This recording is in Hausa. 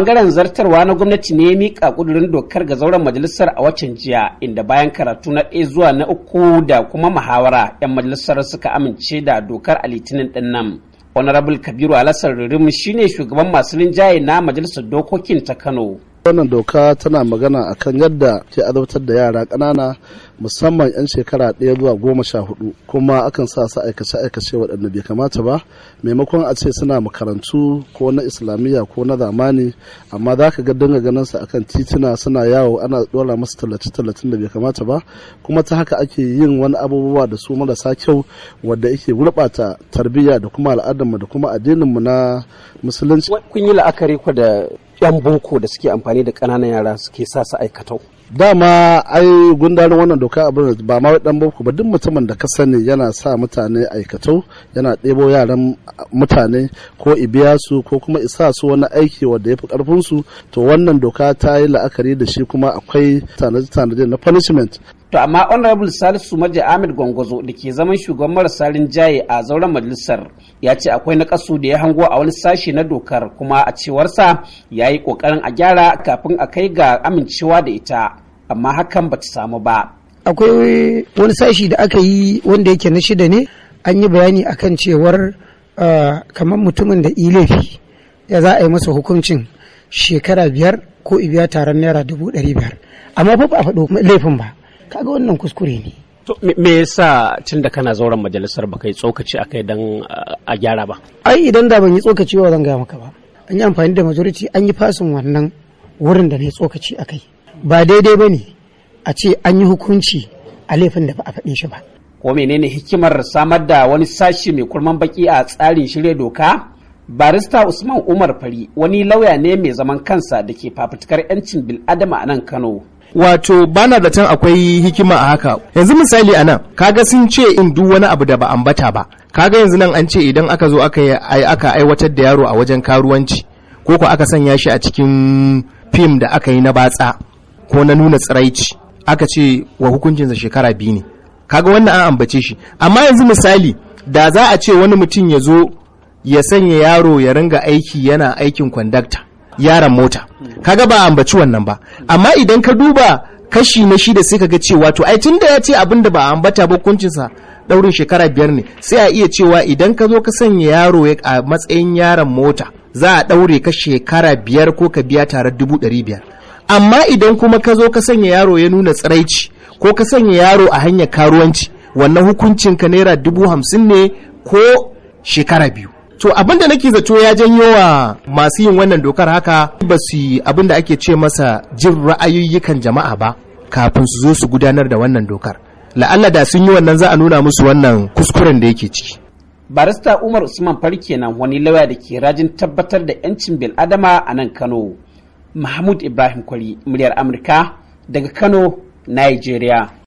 bangaren zartarwa na gwamnati ne ya mika kudurin dokar ga zauren majalisar a watan jiya inda bayan karatu na ɗaya zuwa na uku da kuma muhawara 'yan majalisar suka amince da dokar a litinin ɗin nan honorable kabiru alasar ririm shine shugaban masu linjaye na majalisar dokokin ta kano wannan doka tana magana akan yadda ke azabtar da yara ƙanana musamman 'yan shekara ɗaya zuwa goma sha hudu kuma akan sa su aikace aikace waɗanda bai kamata ba maimakon a ce suna makarantu ko na islamiyya ko na zamani amma za ka ga dinga ganin su akan tituna suna yawo ana ɗora masu tallace tallacin da bai kamata ba kuma ta haka ake yin wani abubuwa da su marasa kyau wadda yake gurɓata tarbiyya da kuma al'adarmu da kuma addininmu na musulunci kun yi la'akari da 'yan boko da suke amfani da ƙananan yara suke sa su aikatau dama ai gundarin wannan doka abin ba ma dan boko ba duk mutumin da ka sani yana sa mutane aikatau yana ɗebo yaran mutane ko ibiya su ko kuma isa su wani aiki wanda ya fi karfin su to wannan doka ta yi la'akari da shi kuma akwai tanaje-tanaje na punishment To amma Honorable Salisu Maji Ahmed Gwangwazo da ke zaman shugaban marasa rinjaye a zauren majalisar ya ce akwai na kasu da ya hango a wani sashi na dokar kuma a cewarsa ya yi kokarin a gyara kafin a kai ga amincewa da ita amma hakan ba ta samu ba. Akwai wani sashi da aka yi wanda yake na shida ne an yi bayani akan cewar uh, kamar mutumin da laifi ya za a yi masa hukuncin shekara biyar ko ibiya taron naira dubu ɗari biyar amma fa ba a faɗo laifin ba kaga wannan kuskure ne me yasa tun da kana zauren majalisar baka yi tsokaci a kai dan a gyara ba ai idan da ban yi tsokaci ba zan gaya maka ba an yi amfani da majority an yi fasin wannan wurin da na yi tsokaci a kai. ba daidai ba ne a ce an yi hukunci a laifin da ba a faɗin shi ba ko menene hikimar samar da wani sashi mai kurman baki a tsarin shirya doka barista usman umar fari wani lauya ne mai zaman kansa da ke fafutukar 'yancin bil'adama a nan kano wato bana da can akwai hikima a haka yanzu misali a nan kaga sun ce in duk wani abu da ba ambata ba kaga yanzu nan an ce idan aka zo aka aiwatar da yaro a wajen karuwanci ko ko aka sanya shi a cikin fim da aka yi na batsa ko na nuna tsiraici aka ce wa hukuncinsa shekara biyu ne kaga wannan an ambace shi amma yanzu misali da za a ce wani mutum ya zo ya sanya yaro ya ringa aiki yana aikin kwandakta yaran mota kaga ba ambaci wannan ba amma idan ka duba kashi na shida sai kaga cewa to ai tunda ya ce abin da ba ambata ba hukuncinsa daurin shekara biyar ne sai a iya cewa idan ka zo ka sanya yaro ya a matsayin yaron mota za a daure ka shekara biyar ko ka biya tare dubu ɗari biyar amma idan kuma ka zo ka sanya yaro ya nuna tsiraici ko ka sanya yaro a hanyar karuwanci wannan hukuncin ka naira dubu hamsin ne ko shekara biyu to abin da nake zato ya janyo wa masu yin wannan dokar haka ba su yi abin da ake ce masa jin ra'ayoyikan jama'a ba kafin su zo su gudanar da wannan dokar la'alla da sun yi wannan za a nuna musu wannan kuskuren da yake ciki barista umar usman farke kenan wani lauya da ke rajin tabbatar da yancin bil'adama a nan kano mahmud ibrahim kwari muryar amurka daga kano nigeria